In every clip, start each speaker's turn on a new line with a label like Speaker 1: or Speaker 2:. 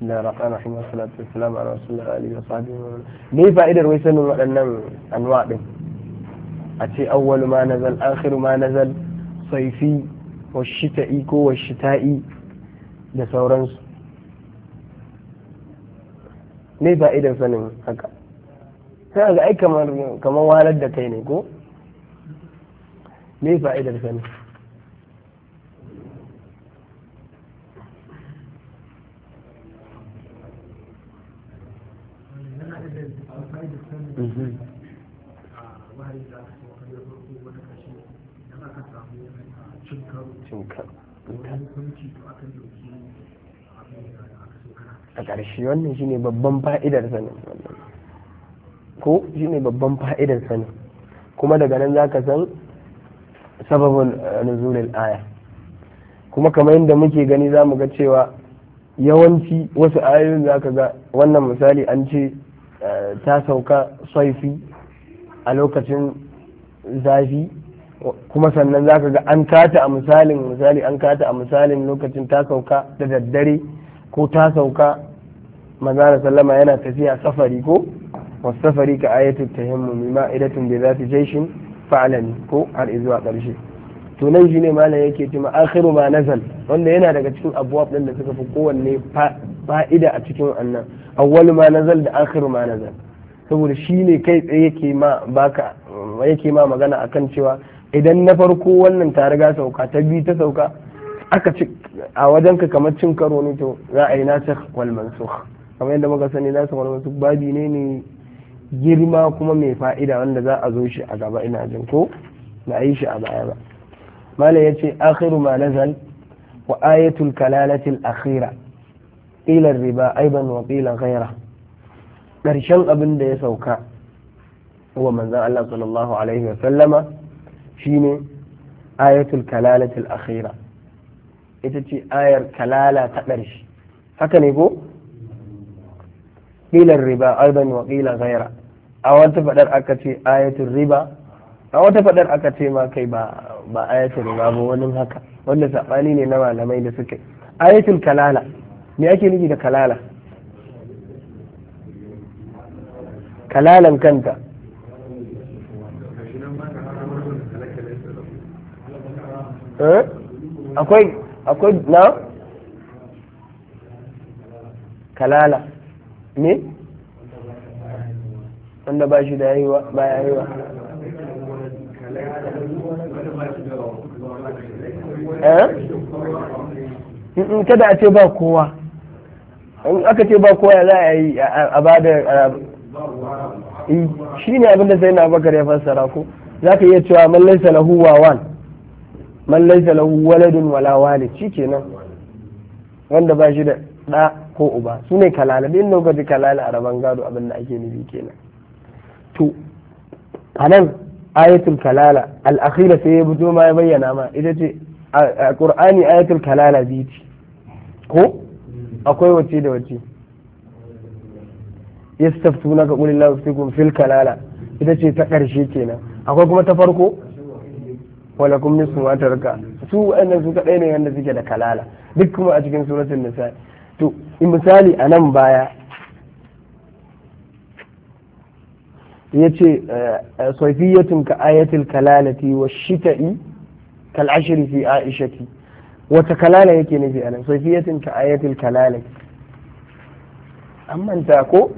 Speaker 1: bismillahir rahmanir rahim wa salatu wassalamu ala rasulillah alihi wa sahbihi me fa'idar wai sanin waɗannan anwa din a ce awwalu ma nazal akhiru ma nazal saifi wa shita'i ko wa shita'i da sauransu me fa'idar sanin haka sai ga ai kamar kamar walar da kai ne ko me fa'idar sanin hari da aka farko wata kashe aka samu cin karo cin karo wani to dauki abin da aka so kana a ƙarshe wannan shine babban fa'idar sanin wannan ko shine babban fa'idar sanin kuma daga nan zaka san sababin eh, nuzulil aya kuma kamar yadda muke gani za mu ga cewa yawanci wasu ayoyin za ka ga wannan misali an ce eh, ta sauka saifi a lokacin zafi kuma sannan zaka ga an kata a misalin misali an kata a misalin lokacin ta sauka da daddare ko ta sauka manzara sallama yana tafiya safari ko safari ka ayatu tahimmumi ma'idatun bi zati shi fa'alani ko har zuwa ƙarshe to nan shi ne malam yake cewa akhiru ma nazal wanda yana daga cikin abuwa ɗin da suka fi kowanne fa'ida a cikin annan awwalu ma nazal da akhiru ma nazal saboda shi ne kai tsaye yake ma ma magana akan cewa idan na farko wannan ta riga sauka ta biyu ta sauka aka ci a wajen ka kamar cin karo ne to za a yi nasikh wal mansukh kamar yadda muka sani nasikh wal babi ne ne girma kuma mai fa'ida wanda za a zo shi a gaba ina jin ko na yi shi a baya ba malam yace akhiru ma nazal wa ayatul kalalatil akhira ilar riba aiban wa qila ghaira ƙarshen abin da ya sauka wa manzan Allah sallallahu alaihi wa sallama ne ayatul kalalatul akhira ita ce ayar kalala ta ƙarshe haka ne ko ƙilar riba aidan wa ƙila gaira a wata faɗar aka ce ayatul riba a wata faɗar aka ce ma kai ba ba ayatul riba ba wani haka wanda saɓani ne na malamai da suke ayatul kalala me ake nufi da kalala kalalan kanta eh? akwai akwai na kalala ne wanda ba shi da yayiwa ba yayiwa eh kada a ce ba kowa in aka ce ba kowa za a yi a ba da Eh, shi ne abinda sai na bakar ya fassara ko za ka iya cewa man laisa lahu wawan man laisa lahu waladun wala walid shi kenan wanda ba shi da ɗa ko uba su ne kalala din lokaci kalala a rabon gado abin da ake nufi kenan to a nan ayatul kalala al'akhira sai ya fito ma ya bayyana ma ita ce a ƙur'ani ayatul kalala biyu ko akwai wace da wace yastaftunaka qul illahu yuftikum fil kalala ita ce ta karshe kenan akwai kuma ta farko wala kum nisfu ma taraka su wa'annan su kadai ne wanda suke da kalala duk kuma a cikin suratul nisa to misali a nan baya yace ce saifiyatun eh, eh, ka ayatul kalalati wa kal ashri fi aishati wata kalala yake nufi anan saifiyatun ka ayatul kalalati an manta ko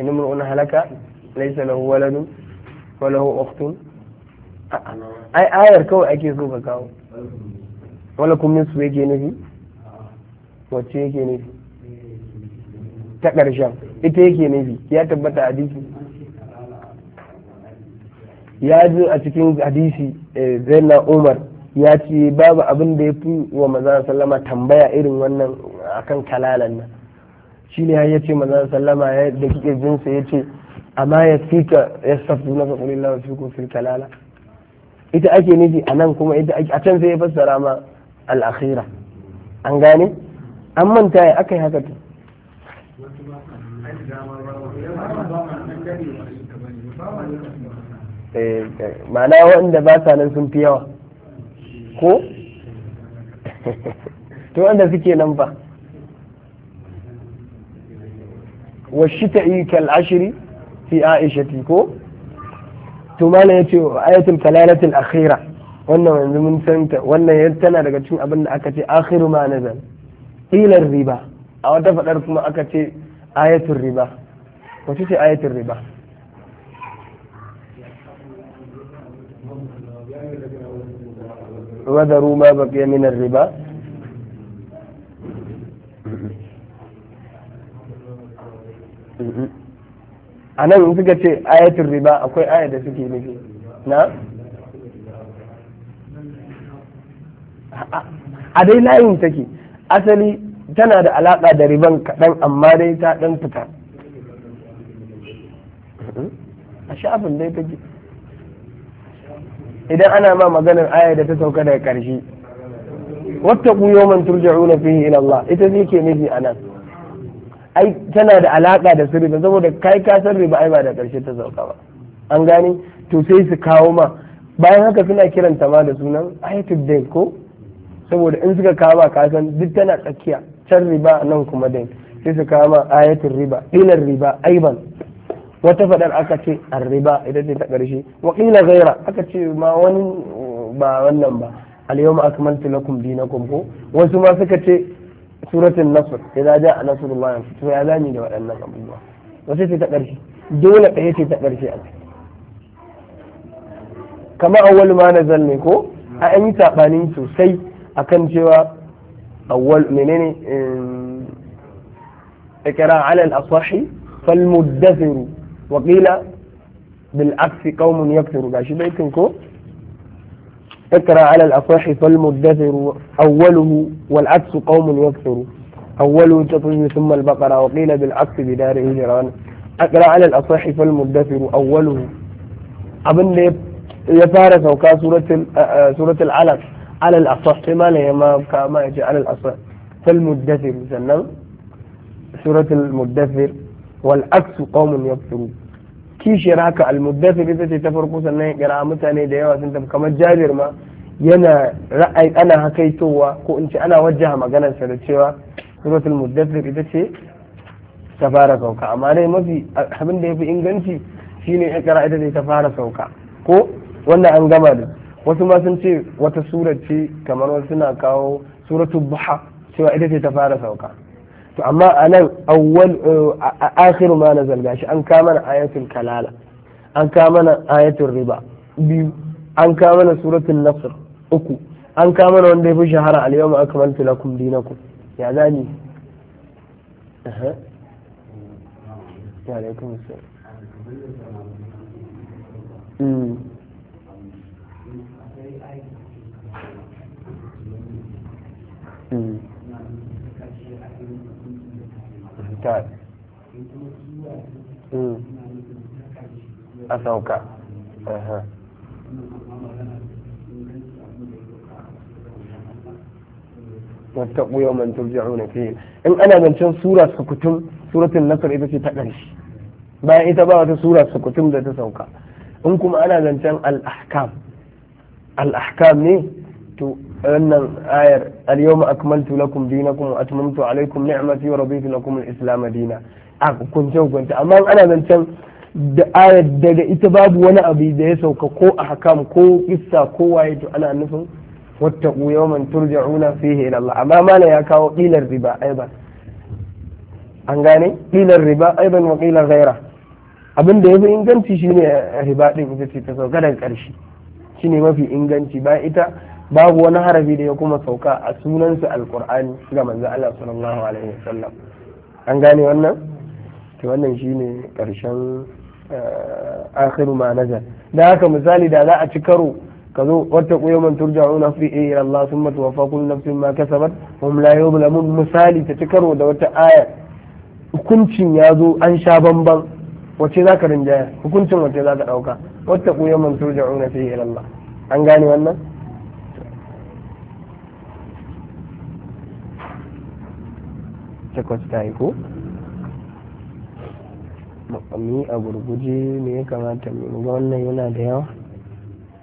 Speaker 1: in imru'un halaka laysa lahu waladun wa lahu ukhtun ai kawai ake so ka kawo wala kun min su yake nufi wacce yake nufi ta ƙarshen ita yake nufi ya tabbata hadisi ya ji a cikin hadisi zaina umar ya ce babu abin da ya fi wa maza sallama tambaya irin wannan akan kalalan nan shine ya ce manzo sallama ya da kike jin sa yace amma ya fika yastafuna fa qul illahu ko fil kalala ita ake nufi a nan kuma ita ake a can sai ya fassara ma al-akhira an gane an manta ya akai haka to eh, eh, ma'ana wanda ba sa nan sun fi yawa ko to wanda suke nan ba wa shita'i kal ashri fi aishati ko to malam yace ayatul kalalatul akhira wannan yanzu mun san ta wannan tana daga cikin abin da aka ce akhiru ma nazal qila riba a wata fadar kuma aka ce ayatul riba wace ce ayatul riba وذروا ما بقي من الربا a nan suka ce ayatul riba akwai aya da suke nufi na a dai layin take asali tana da alaƙa da riban kaɗan amma dai ta ɗan fita a shafin dai take idan ana ma maganar aya da ta sauka daga ƙarshe wata ƙuyo yawman turja'una fihi ila Allah ita zai ke nufi a nan ai tana da alaka da sirri ba saboda kai ka san riba ai ba da karshe ta sauka ba an gani to sai su kawo ma bayan haka suna kiranta ma da sunan ayatul dain ko saboda in suka kawo ba ka san duk tana tsakiya can riba nan kuma dain sai su kawo ma ayatul riba dinar riba aiban wata fadar aka ce an riba idan ce ta karshe wa kila ghaira aka ce ma wani ba wannan ba al yawma akmaltu lakum dinakum ko wasu ma suka ce suratul nasr idza jaa nasrullahi to ya zani da waɗannan abubuwa wace ce ta ƙarshe dole ɗaya ce ta ƙarshe a ciki kama awwal ma nazal zanne ko a an yi saɓani sosai akan cewa awwal menene eh, ikra alal al-asahi fal muddathiru wa qila bil aksi qaumun yakthuru gashi baitin ko اكرى على الأصح فالمدثر أوله والعكس قوم يكثر أوله تطيب ثم البقرة وقيل بالعكس بدار إجران اقرا على الأصح فالمدثر أوله أبن يفارس وكا سورة, آه، آه، سورة العلق على الأصح ما لي ما ما يجي على الأصح فالمدثر سنة سورة المدثر والعكس قوم يكثرون kishiyar haka almuddathir ita ce ta farko sannan kira mutane da yawa sun tafi kamar jabir ma yana ra'ayi ana hakaitowa ko in ce ana wajaha maganarsa da cewa suratul muddathir ita ce ta fara sauka amma dai mafi abin da yafi inganci shine kira ita ce ta fara sauka ko wannan an gama da wasu ma sun ce wata sura ce kamar wasu suna kawo suratul buha cewa ita ce ta fara sauka to amma a nan awwal eh, akhiru ma nazal gashi an ka mana ayatul kalala an ka mana ayatul riba biyu an ka mana suratul nasr uku an ka mana wanda ya fi shahara al yawma akmaltu lakum dinakum ya zani eh wa alaikum assalam hmm. كان أثوك أها واتقوا يوما ترجعون فيه إن أنا من شان سورة سكتم سورة النصر إذا تتقرش ما إذا بغت سورة سكتم ذات سوكا إنكم أنا من شان الأحكام الأحكام ليه to wannan ayar alyawma akmaltu lakum dinakum wa atmamtu alaykum ni'mati wa raditu lakum al-islam dina a kun kunce hukunta amma ana zancen da ayar daga ita babu wani abu da ya sauka ko a hakam ko kissa ko waye to ana nufin wattaqu yawman turja'una fihi ila Allah amma mala ya kawo qilar riba aiban an gane qilar riba aiban wa qilar ghaira abin da yafi inganci shine riba din ita ce ta sauka daga karshe shine mafi inganci ba ita babu wani harafi da ya kuma sauka a sunansa alkur'ani ga manzo Allah sallallahu alaihi wasallam an gane wannan to wannan shine karshen eh, akhiru ma nazar da haka misali da za a ci karo ka zo wata kuyo man turja'una fi eh, ila Allah thumma wafa kullu nafsin ma kasabat hum la yuzlamun misali ta ci karo da wata aya hukuncin ya zo an sha bamban wace za ka rinjaya hukuncin wace za ka ɗauka wata kuyo man turja'una fi eh, ila Allah an gane wannan takwas ta yi ko mu a gurguje me ya kamata mu ga wannan yana da yawa